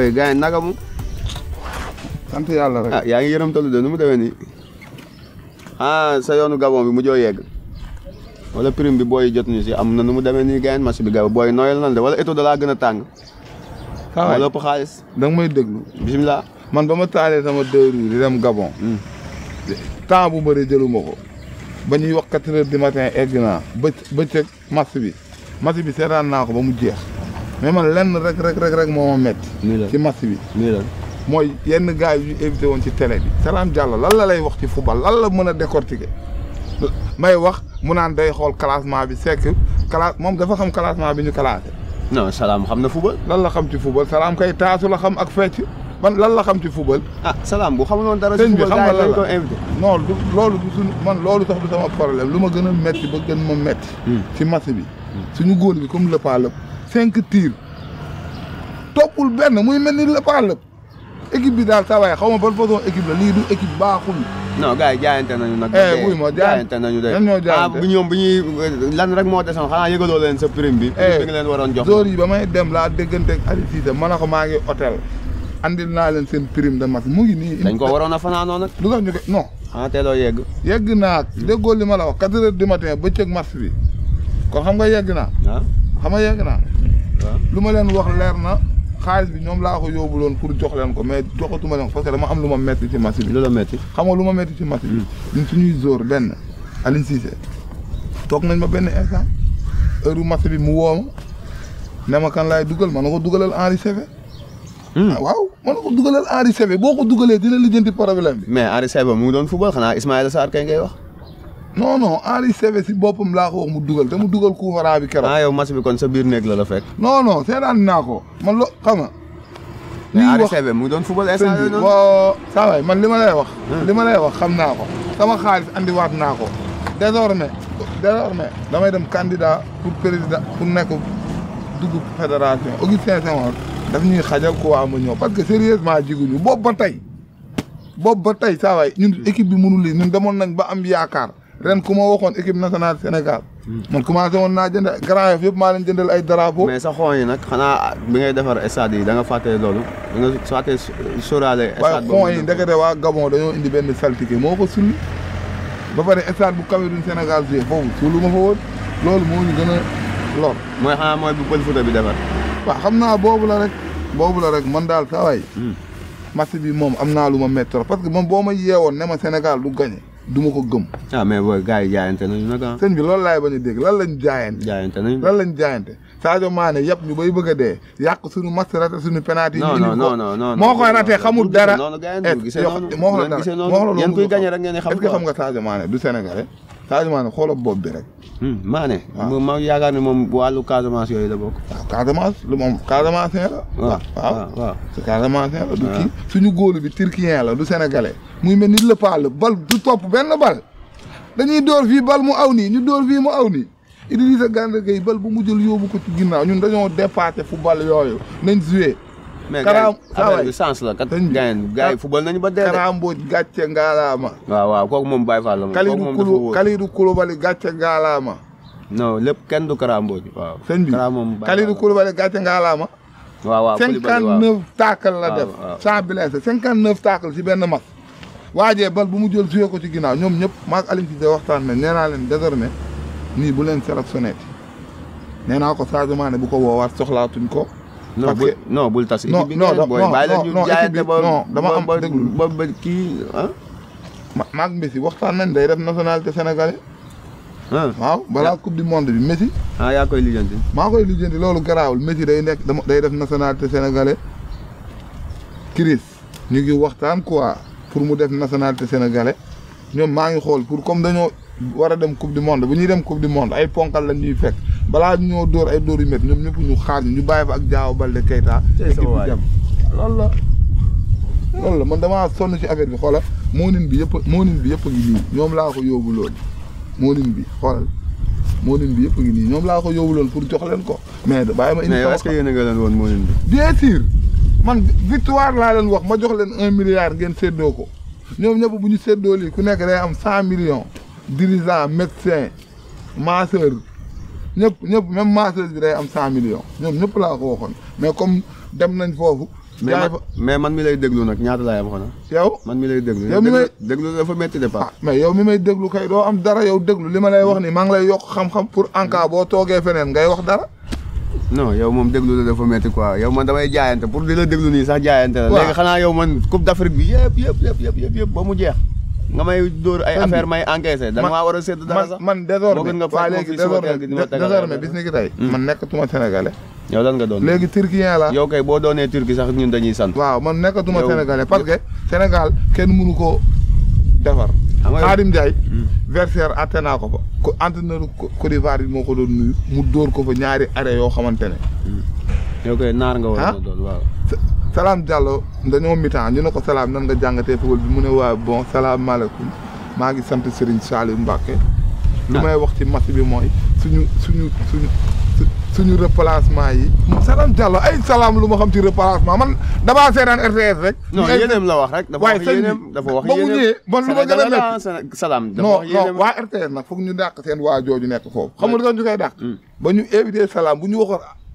affaire gars yi naka mu. Ah, yaa ngi yërëm de nu mu demee nii. ah sa yoonu gabon bi mu joo yegg. wala prime bi booy jot ñu si am na nu mu demee nii gars yi bi gabon booy nooy nan de wala état da laa gën a tàng. waaw wala xaalis. da nga may déglu. bisimilah. man ba ma taalee sama deux roues dem gabon. Hmm. temps bu bëri jëluma ko. ba ñuy wax quatre heures du matin egg naa. bëccëg match bi match bi seetaan naa ko ba mu jeex. mais man lenn rek rek rek yenn gars yu ñu éviter ci télé bi. Salam cinq tirs toppul benn muy mel ni lëppaalëpp équipe bi daal saa waay xaw ma ban façon équipe la lii du équipe baaxul. non gars yi jaayante nañu nag. buy eh, eh, ma jaayante nañu de. Ah, bu ñoom bu ñuy lan rek moo desoon xanaa yëgaloo leen sa prime bi. Eh, bi nga leen waroon jox jour yi ba may dem laa déggante ak Aliou Cissé ma ne ko maa ngi hôtel. andil naa leen seen prime de match mu ngi nii. dañ ko waroon a fanaanoo nag. lu tax ñu ko non. ah teeloo yegg. yegg naa hmm. déggoo li ma la wax quatre heures du matin bi kon xam nga yegg naa. Ah. xam nga lu ma leen wax leer na xaalis bi ñoom laa ko yóbbuloon pour jox leen ko mais joxatuma leen ko parce que am lu ma metti ci match bi. lu la metti lu ma metti ci match bi. Hmm. ñun suñuy jour benn Aliou Cissé toog nañ ma benn instant heure match bi mu woo ma ne ma kan laay dugal ma na ko dugalal Henri Saivet. Hmm. Ah, waaw ma ne ko dugalal Henri Saivet boo ko dugalee dina lijjanti problème bi. mais Henri Saivet mu doon football xanaa Ismaïla Sarr kay ngay wax. non non Henri si boppam laa ko wax mu dugal te mu dugal coup franc bi keroog. Ah, yow match bi kon sa biir néeg la la fekk. non non seetaan naa ko man lo xam nga. mais Henri Saivet mu ngi doon football instant yooyu noonu. waaw man li ma lay wax. Ah. li lay wax xam naa ko. sama xaalis andiwaat naa ko. désormais désormais damay dem candidat pour président pour nekk dugub fédération Augustin Senghor daf ñuy xajal ko waa ma ñëw parce que sérieusement jiguñu boobu ba tey boobu ba tey saa waay ñun équipe bi mënul lii ñun demoon nañ ba am yaakaar. ren ku ma waxoon équipe nationale Sénégal. Hmm. man commencé woon naa jënd Grand Yoff yëpp maa leen jëndal ay drapeaux. mais sa yi nag xanaa bi ngay defar stade yi da nga fàtte loolu da nga fàtte sóoraale. yi ndekete waa Gabon dañoo indi benn saltige moo ko sulli ba pare stade bu Cameroun Sénégal joué foofu suulu ma fa woon loolu moo ñu gën a lor. mooy xanaa mooy bu pël Fuuta bi defar. waaw xam naa boobu la rek. boobu la rek man daal saa waay. Hmm. match bi moom am naa lu ma métti parce que moom boo ma yeewoon ne ma Sénégal du gagné. du ko gëm. ah mais booy gars yi jaayante nañu nag ah. sëñ bi loolu laay bañ a dégg lan lañ jaayante. jaayante nañu lan lañ jaayante. Sadio Mané yëpp ñu bay bëgg a dee yàq suñu match raté suñu penalty. non non non non moo koy xamul dara. non non gars yi moo ko gisee ko gisee rek ngeen di xam nga Sadio Mané du Sénégalais Casamance xoolal bopp bi rek. Hmm, maa ne. waaw ma yaakaar ne moom Casamance yooyu la bokk. waaw Casamance lu moom Casamance la. waaw waaw waaw. te ah. suñu góolu bi turquien la du sénégalais. muy mel ni le pal bal du topp benn bal. dañuy door fii bal mu aw ni ñu door fii mu aw ni Idrissa Gana Gueye bal bu mu jël yóbbu ko ci ginnaaw ñun dañoo dépassé football yooyu nañ joué. mais gars affaire bi sens ba dee de. Karambo gàcce ngaalaama. waaw lépp kenn du Karambo ji. waaw sëñ bi Kalidou Koulibaly gàcce ngaalaama. waaw waaw Koulibaly waaw 59 la def. waaw waaw sans blessé 59 tacle si benn match. waajee bal bu mu jël suyee ko ci ñoom ñëpp maag Aliou Cissé waxtaan ne nee naa nii bu leen sélectionné nee naa ko Sadio Mané bu ko woowaat soxlaatuñ ko non bul non bul tas. no non non non équipe bi non dama am dégg ba ba kii ah. ma maag Messi waxtaan nañ day def nationalité sénégalais. Ah. waaw balaa coupe du monde bi Messi. ah yaa koy lijjanti. maa lijjanti loolu garaawul Messi day nekk dama day def nationalité sénégalais. Chris ñu ngi waxtaan quoi pour mu def nationalité sénégalais ñoom maa ngi xool pour comme dañoo. wara dem coupe du monde bu ñuy dem coupe du monde ay ponkal la ñuy fekk bala ñoo dóor ay dóor yu métti ñoom ñëpp ñu xaar ñu bàyyi fa ak Diao Baldé Keita. tey sa waay la. lool la man dama sonu ci affaire bi xolal monin bi yep monin bi yep ngi nii ñoom laa ko yobul lool monin bi xolal monin bi yep ngi nii ñoom laa ko yobul lool pour jox len ko. mais bàyyi ma indi. mais est-ce que yéen nga len won monin bi. bien sûr man victoire la len wax ma jox len 1 milliard ngeen seddo ko ñom ñëpp bu ñu séddoo lii ku nekk day am 100 millions dirigeant médecin masseur ñëpp ñëpp même masseur bi day am cent millions ñoom ñëpp laa ko waxoon mais comme dem nañ foofu. mais man mi lay déglu nag ñaata laay am xanaa. yow man mi lay déglu. yow may déglu dafa métti de pas. Ah, mais yow mi may déglu kay doo am dara yow déglu li ma lay wax ni maa ngi lay yokk xam-xam pour en cas mm. boo toogee feneen ngay wax dara. non yow moom déglu la dafa métti quoi yow man damay jaayante pour di la déglu nii sax jaayante la. waaw xanaa yow man coupe d'Afrique bi yëpp yëpp yëpp yëpp yëpp ba mu jeex. nga may door ay affaire may encaissé. da nga wara sét dara sax man désormais nga faa léegi désormais bis ni ki tay man nekatuma sénégalais yow lan nga doon légui turquien la yow kay bo doonee turki sax ñun dañuy sant waaw man nekatuma sénégalais parce que sénégal kenn mënu ko défar xadim Ndiaye verser atena ko ko fa ku entraîneur Côte d'Ivoire yi ko doon nuyu mu door ko fa ñaari arrêt yo xamantene yow kay nar nga wara a doon waaw salaam Diallo dañoo mitan ñu ne ko salaam nan nga jàngatee football bi mu ne waaye bon salaamaaleykum maa ngi sant Serigne Saliou Mbacké lu ah. may wax ci match bi mooy suñu suñu suñu suñu replacement yi. Salam Diallo ay salaam lu ma xam ci replacement man damaa seetaan RTS rek. non yéeneem la wax rek. dafa wax yéeneem dafa wax yéeneem waaye ba mu ñëwee. man lu ma gën a salaam dafa wax yéeneem waa RTS nag foog ñu dàq seen waa jooju nekk foofu. xam ga doon ñu koy mm. ba ñu éviter salaam bu ñu waxoon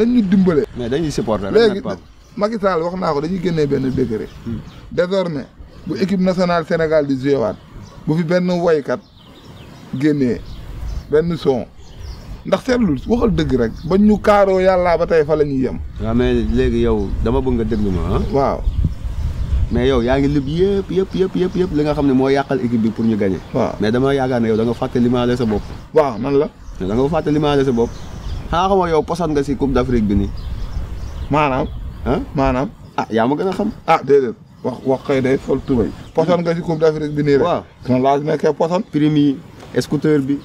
nañ ñu dimbale. mais dañuy supporter léegi Macky Sall wax naa ko dañuy génnee benn décret. désormais bu équipe nationale Sénégal di joué waat bu fi benn woykat génnee benn son. ndax seetlu waxal dëgg rek ba ñu kaaroo yàlla ba tey fa la ñuy yem. waaw mais léegi yow dama bëgg nga déglu ma ah. waaw. mais yow yaa ngi lib yëpp yëpp yëpp yëpp li nga xam ne moo yàqal équipe bi pour ñu gagné. waaw mais dama yaakaar ne yow fàtte limaale sa bopp. waaw man la. da nga fàtte limaale sa bopp. xanaa xam yow posan nga si Coupe d'Afrique bi nii. maanaam. maanaam. ah yaa ma gën a xam. ah déedéet wax wax xëy day sol tubay. posan nga si Coupe d'Afrique bi nii rek. waaw kon laaj nekkee posan. prime yi scooter bi.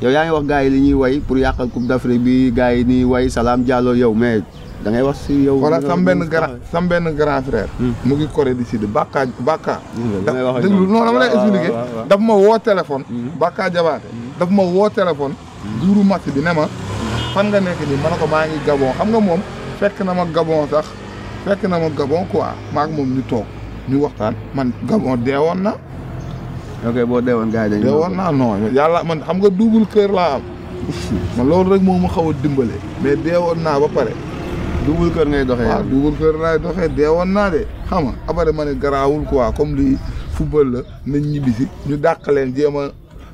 yow yaa ngi wax gars yi li ñuy way pour yàqal Coupe d'Afrique bi gars yi nii way salaam Diallo yow mais dangay wax si yow. wala sam benn grand sam benn grand frère. Hmm. mu ngi Corée du Sud Bakka Bakka. déglu non dama lay expliquer. ma woo téléphone. Bakka Jabaate. daf ma woo téléphone. Hmm. Hmm. duuru match bi ne fan nga nekk nii ma ko maa ngi Gabon xam nga moom fekk na ma Gabon sax fekk na ma Gabon quoi maak moom ñu toog ñu waxtaan man Gabon deewoon na. ok boo deewoon gars yi deewoon naa non yàlla man xam nga double kër laa am. man loolu rek moo ma xaw a dimbale. mais deewoon naa ba pare. double cœur ngay doxee waaw double cœur laay doxee deewoon naa de xam nga après ma ne garaawul quoi comme li football la nañ ñibbisi ñu dàq leen jéem a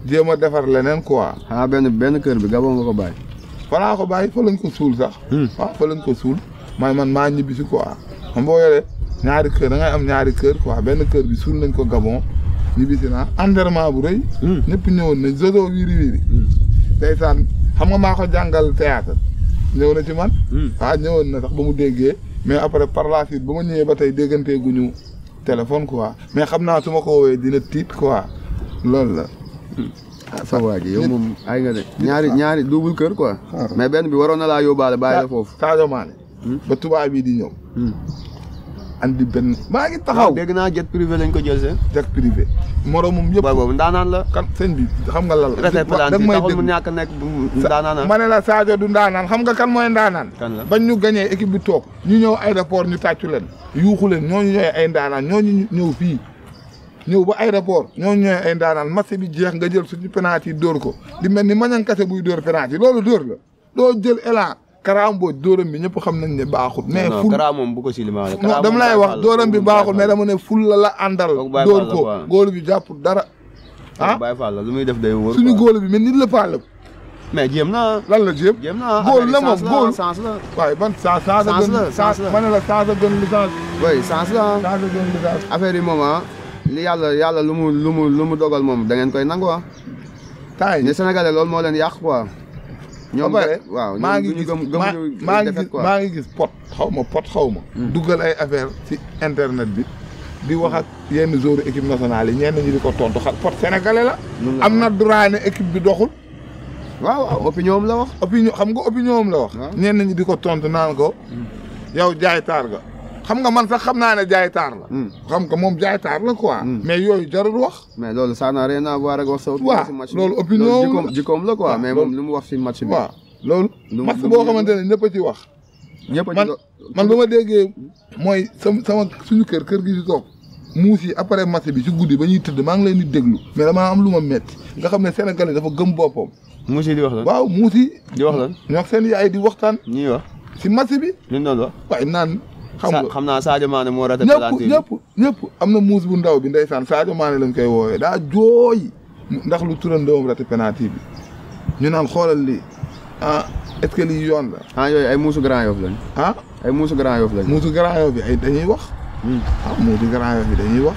jéem a defar leneen quoi. ah benn benn kër bi Gabon nga ko bàyyi. falaa ko bàyyi fa lañ ko suul sax. Hmm. waaw fa lañ ko suul. mooy man maa ñibbi si quoi man ñaari kër da ngay am ñaari kër quoi benn kër bi suul nañ ko Gabon ñibbi si naa enterrement bu rey hmm. ñëpp ñëwoon na zozo wiiri wiiri. Hmm. ndeysaan xam nga maa ko jàngal théâtre ñëw na ci man. waaw ah, ñëwoon na sax ba mu déggee mais après par la suite ba ma ñëwee ba tey déggantee guñu téléphone quoi mais xam naa su ma ko woowee dina tiit quoi loolu la. ah sa waa ji yow moom ay nga de ñaari ñaari double kër quoi. Ah. mais benn bi waroon na laa yóbbaale bàyyi la foofu. Sadio Mané. Hmm? ba tubaab bii di ñëw. Hmm. andi benn maa ngi taxaw. dégg naa jet privé lañ ko jël seen. jet privé. moromam yëpp waaw boobu ndaanaan la. kan sëñ bi xam nga lan la. da may dégg ñàkk nekk ndaanaan ma ne la Sadio du ndaanaan xam nga kan mooy ndaanaan. kan la bañ ñu gañee équipe bi toog. ñu ñëw aéroport ñu tàccu leen. yuuxu leen ñooñu ñooy ay ndaanaan ñooñu ñëw fii ñëw ba aéroport ñoo ñëwee ay ndaanaan match bi jeex nga jël suñu penalty yi dóor ko di mel ni mañankase buy dóor penalty yi loolu dóor la doo jël élan Kara Mbodj dóoram bi ñëpp xam nañ ne baaxul mais ful moom bu ko si limaa dama lay wax dóoram bi baaxul mais dama ne ful la la àndal dóor ko góolu bi jàpp dara ah Baye lu muy def day wóor suñu góolu bi mel ni la paalëb mais lan la jéem jéem naa la moom góol la waaye ban sens sens la gën sens ma ne la affaire yi moom ah. li yàlla yàlla lu mu lu mu lu mu dogal moom da koy nangu ah. temps yii Sénégalais loolu moo leen yàq quoi. ñoom waaw maa ngi gis maa ngi gis maa ngi gis pot xaw ma pot xaw ma. Hmm. duggal ay affaire si internet bi. di wax ak yenn joueurs équipe nationale ñeen ñenn ñi di ko tontu pot sénégalais am na droit équipe bi doxul. waaw waaw opinion la wax. opinion xam nga opinion am la wax. ñenn ñi di ko tontu naan ko. Hmm. yow jaay taar ga. xam nga man sax xam naa ne jaay taar la. Hmm. xam nga moom jaay taar la quoi. Hmm. mais yooyu jarul wax. mais loolu ça naa rien à voir ak wax. waaw loolu opinion loolu jikkoom la quoi mais moom lu mu wax si match bi. waaw loolu. match boo xamante ne ñëpp a ci wax. ñëpp a man man ba ma déggee mooy sama sama suñu kër kër gi si toog. muus yi après match bi ci guddi ba ñuy tëdd maa ngi leen di déglu mais damaa am lu ma metti nga xam ne Sénégal yi dafa gëm boppam. muus yi di wax lan waaw muus yi. di wax lan wax seen yaay di waxtaan. ñuy wax si match bi. li ñu wax waaye naan xam nga xam naa Sadio Mané moo raté penalty ñëpp ñëpp am na muus bu ndaw bi ndeysaan Sadio Mané lañ koy woowee daa jooy ndax lu turandoom raté penalty bi ñu naan xoolal lii ah est-ce que lii yoon la ah yooyu ay muusu Grand Yoff lañ ah ay muusu Grand Yoff lañ muusu Grand Yoff bi ay dañuy wax ah muusu Grand Yoff bi dañuy wax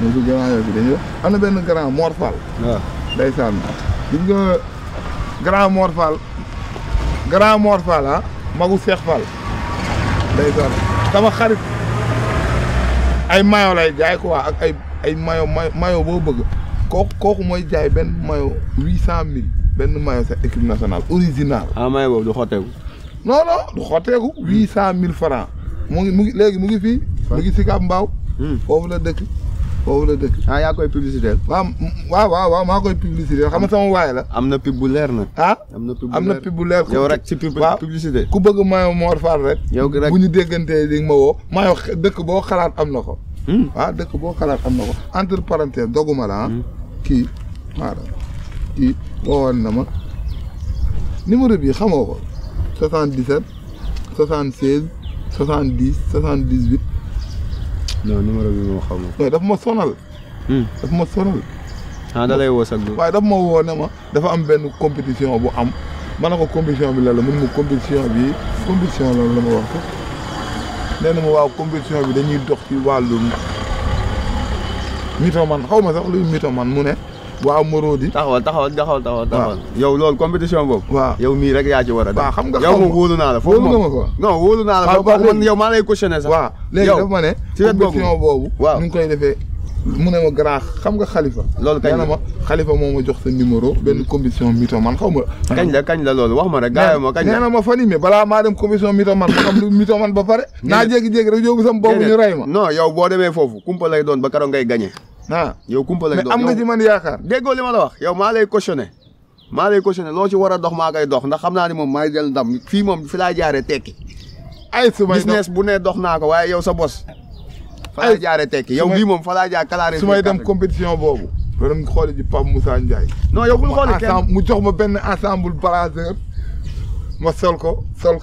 muusu Grand Yoff bi dañuy wax am na benn grand Mor Fall waaw ndeysaan gis nga grand Mor Fall grand Mor Fall ah magu Cheikh Fall day doon sama xarit ay mayo lay jaay quoi ak ay ay mayo mayo boo bëgg kooku kooku mooy jaay benn mayo huit cent mil benn mayo sa équipe nationale original. ah mayo do du não non non du xotteeku huit cent mille francs mu ngi mu ngi léegi mu ngi fii mu hmm. la dëkk. foofu la dëkk ah koy publicité waaw waaw waaw maa koy publicité xam nga sama waay la. am na pub bu leer na. ah am na pub bu leer yow rek ci publicité. ku bëgg maayo Mor Fall rek. yow rek bu ñu déggantee di ma woo. maayo dëkk boo xalaat am na ko. Hmm. ah dëkk boo xalaat am na ko entre parenthèse doguma la ah. Hmm. kii maanaam kii woowoon na ma numéro bi xamoo ko 77 76 non numéro bi moom xamul. non daf ma sonal. daf ma sonal. ah da lay woo sax waaye daf ma woo ne ma dafa am benn compétition bu am ma ne ko compétition bi la la mun ma compétition bi compétition la la ma wax ko nee na ma waaw compétition bi dañuy dox ci wàllum mythomane xaw ma sax luy mythomane mu ne. waaw Morodi. taxawal taxawal taxawal taxawal. yow loolu compétition boobu. waaw yow mii rek yaa ci war a def. waaw xam nga yow moom wóolu naa la. foofu moom wóolu non wóolu naa la. foofu ma ne. ci wet boobu compétition koy defee. mu ne ma grand xam nga xalifa. loolu kañ la ma xalifa moo ma jox sa numéro. Hmm. benn commission mito man ma. kañ la kañ la loolu wax ma rek. gars ma kañ la nee na ma fan yii mais balaa maa dem commission mito man xam mito man ba pare. naa jékki-jékki rek yóbbu sam boobu ñu rey ma. non yow boo demee foofu kumpa lay doon ba keroog ngay gagné. ah yow kumpa lay doon am nga ci man yaakaar déggoo li ma la wax yaw maa lay cautionné maa lay cautionné loo ci war a dox maa koy dox ndax xam naa ni moom maay jël ndam fii moom fi laa jaaree tekki. ay su may business bu ne dox naa ko waaye yow sa bos. a laa jaaree tekki yow bii moom fa laa jaar kalaare. su may dem compétition boobu. ba mu xooli ji Pape Moussa Ndiaye. non yow bul xooli kenn mu jox ma benn ensemble blazer ma sol ko sol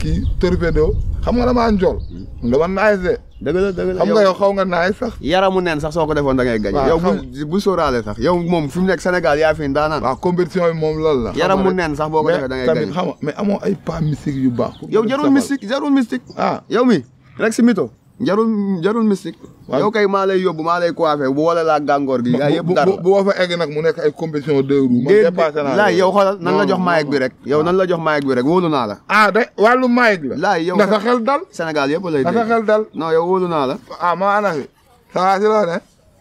kii torpedo xam nga damaa njool. Hmm. dama naaj de. dëgg la dëgg la xam nga yow xaw nga naay sax yaramu neen sax soo ko defoon da ngay gañ yow bu bu sax yow moom fi mu nekk Sénégal yaa fi ndaanaan waaw compétition bi moom loolu la yaramu neen sax boo ko defee da ngay gañ mais amoo ay pas mystique yu baax yow jarul mystique jarul mystique ah mi rek si mito jarul jarul mystique. yow kay maa lay yóbbu maa lay coiffé bu wala laa gàngoor gi. gaa yëpp dara bu bu egg nag mu nekk ay compétition deux roues. man dépassé naa laay xoolal nan la jox maayeg bi rek. yow nan la jox maayeg bi rek wóolu naa la. ah de wàllu maayeg la. laay yow sa xel dal. Sénégal yëpp lay dégg sa xel dal. wóolu naa la. ah maa ana fi saa si loo ne.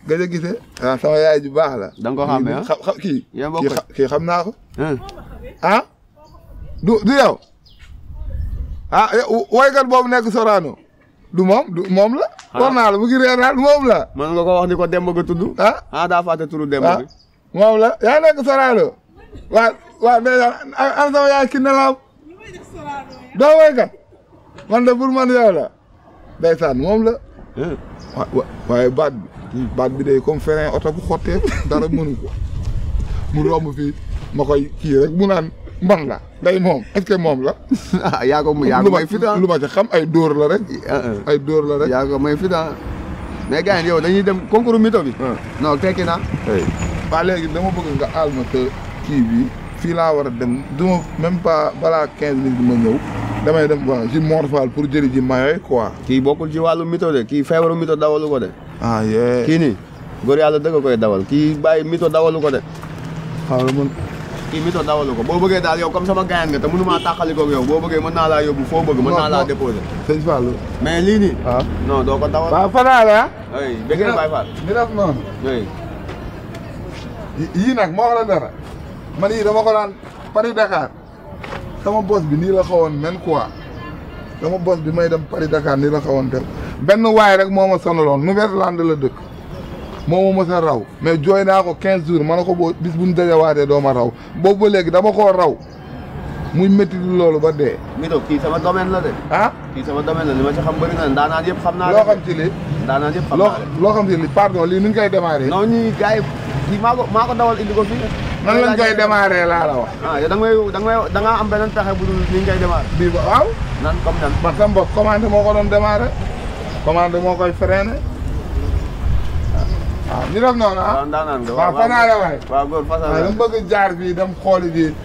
gëj a gisee. ah yaay ju baax la. da nga ko xàmmee ah kii kii xam naa ko. ah du du yow. ah woykat boobu nekk Sorano du moom moom la. Ah. war naa la mu ngi naa du moom la. mën nga ko wax ni ko Demba nga tudd. ah ah daa fàtte turu Demba ah. bi. moom la yaa nekk Sorano. waa waa déjà an sama yaay Kiné Lam. doo woykat man de pour man yow la. ndeysaan moom la. Eh. waaye baat bi. baat bi day oto bu xottee dara mënu ko. mu romb fii ma koy kii rek mu naan. man la day moom est moom la. ah yaa ko fi lu ma ci xam ay door la rek. Ah, ah. ay door la rek. yaa ko may fi mais gars yow dañuy dem concours mito bi. Ah. non tekki naa. waa léegi dama bëgg nga aal ma te fii laa war a dem du ma même pas balaa quinze du ma ñëw. damay dem waaw ci Mor Fall pour jëli ji mayoy quoi. kii bokkul ci wàllu mito de kii feebaru mito dawalu ko de. ah yee kii nii góor yàlla dëgg koy dawal kii bàyyi mito dawalu ko de. kii méthode dawalu ko boo bëggee daal yow comme sama gaayan nga te mënumaa tàqaliko yow boo bëggee mën naa laa yóbbu foo bëgg mën naa laa déposer sëñ Fallou mais lii nii waaw non doo ko dawal fanaa la ay bëggee Baye Fall mi def noonu yii nag moo wax la dara man yii dama ko daan Paris Dakar sama bos bi nii la xawoon men quoi sama bos bi may dem Paris Dakar nii la xawoon tel benn waay rek moo ma sonaloon Nouvelle-Zélande la dëkk moo ma raw mais jooy naa ko quinze jours man ne ko boo bis bu ñu dajawaatee doo ma raw boo ba léegi dama koo raw muy métti loolu ba dee. Mito kii sama domaine la de. ah kii sama domaine la li ma ci xam bëri na ne ndaanaan yëpp xam naa. loo li loo xam ci li pardon lii ni ñu koy démarré. non ñuy gars yi kii maa ko maa ko dawal indi ko fii. nan lañ koy démarré laa la wax. ah yow da nga may da da ngaa am beneen pexe bu dul ni ñu koy démarré. bii ba waaw. nan comme nan. man sama bopp commande moo ko doon démarré commande moo koy freiné. waaw ah, ñu def noonu ah. waaw ndaanaan nga waaw fanaane waay. waaw góor fasanaa waaw dama bëgg jaar bii dem xooli bii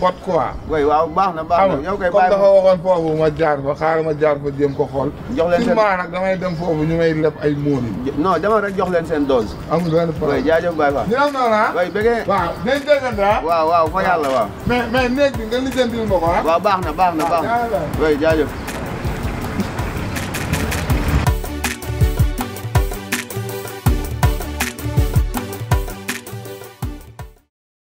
pot quoi. oui waaw baax na baax na yow kay bàyyi dafa waxoon foofu ma jaar fa xaaral ma jaar fa jéem ko xool. jox leen seen sûrement nag damay dem foofu ñu may leb ay moon yi. non dama rek jox leen seen dose. amul benn problème oui jaajëf Baye Fall. ñu def noonu ah. oui bëggee waaw nañ déggante ah. waaw waaw fa yàlla waaw. mais mais néeg bi nga lijjantil ma ko ah. waaw baax na baax na baax na oui jaajëf.